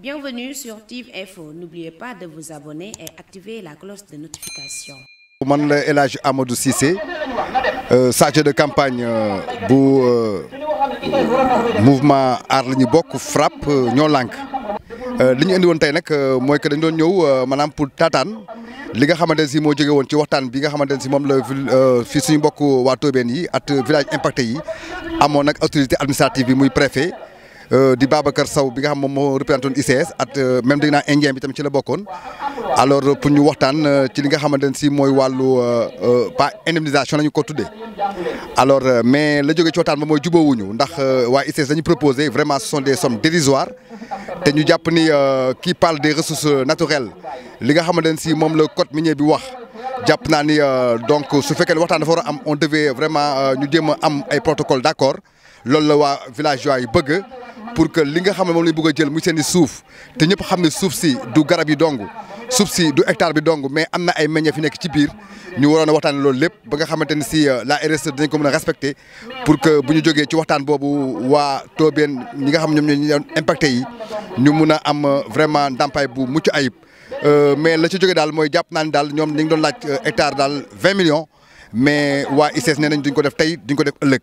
Bienvenue sur TIV Info. N'oubliez pas de vous abonner et activer la cloche de notification. man la Amadou Sissé, euh, chargé de campagne du euh, euh, mouvement aar Frappe ñu bokk FRAPP ñoo lànk li ñu indi woon tey nag mooy que dañ doon ñëw maanaam pour taataan li nga xamante ne si moo jóge woon ci waxtaan bi nga xamante ne la fii suñu mbokk waa Tobène yi at village impacté yi amoon nag autorité administrative bi muy préfet euh, di Babacar saw bi nga xam mom mo représenté woon ICS at euh, même dégg naa indien bi tam ci la bokone alors euh, pour ñu waxtaan ci li nga xamantene ne si mooy wàllu pas indemnisation la ko tuddee alors mais la joggé ci waxtaan moy mooy jubóowuñu ndax wa ICS dañu proposer vraiment ce sont des sommes dérisoires té ñu japp ni qui parle des ressources naturelles li nga xamantene ne si moom la code minier bi wax japp na ni donc su fekkee waxtaan dafa war am on devait vraiment ñu jéem am ay protocole d'accord loolu la village villageois yi bëgg pour que li nga xam ne moom la ñu bëgg a jël muy seen i suuf te ñëpp xam ne du garab yi dong suuf si du hectare bi dong mais amna na ay meññeef fi nekk ci biir ñu waroon a waxtaan loolu ba nga xamante si euh, la RSE dinañ ko mën a pour que bu ñu jógee ci waxtaan boobu waa Tobène ñi nga xam ñoom ñoo ñu impacté yi ñu mun am euh, vraiment ndàmpaay bu mucc ayib euh, mais la ci jógee daal mooy jàpp naa ni daal ñoom ñu ngi doon laaj hectare daal vingt millions mais waa ICS e nee nañ duñ ko def tey duñ ko def ëllëg.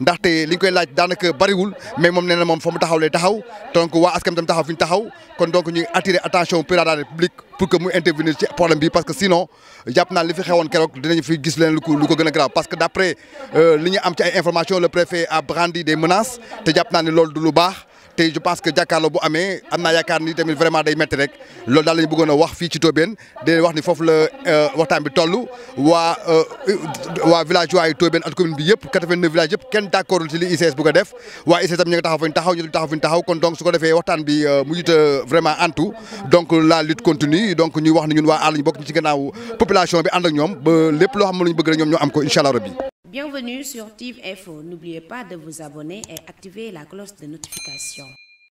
ndaxte li ñu koy laaj daanaka bariwul mais moom nee moom fa mu taxaw taxaw donc wa askan tam taxaw fi taxaw kon donc ñu attirer attention président de la République pour que mu intervenir ci problème bi parce que sinon jàpp naa li fi xewoon keroog dinañ fi gis leen lu ko lu ko gën a grave parce que d'après euh, li ñu am ci ay informations le préfet a brandi des menaces te jàpp naa ne loolu du lu baax. te je pense que jàkkaarloo bu amee am naa yaakaar ni tamit vraiment day métti rek loolu daal la ñu a wax fii ci Tobène di wax ni foofu la euh, waxtaan bi toll waa euh, waa village waayu Tobène ak commune bi yëpp 89 villages yëpp kenn d'accordul ci li ICS bu def waa ICS tam ñu taxaw fi ñu taxaw kon donc su ko defee waxtaan bi euh, mujjut a vraiment antu donc la lutte continue donc ñuy wax ne ñun waa àll ñu bokk ñu ci gannaaw bi ànd ak ñoom ba lépp loo xam ne ñu am ko incha allah rabbi Bienvenue sur TIV N'oubliez pas de vous abonner et activer la cloche de notification.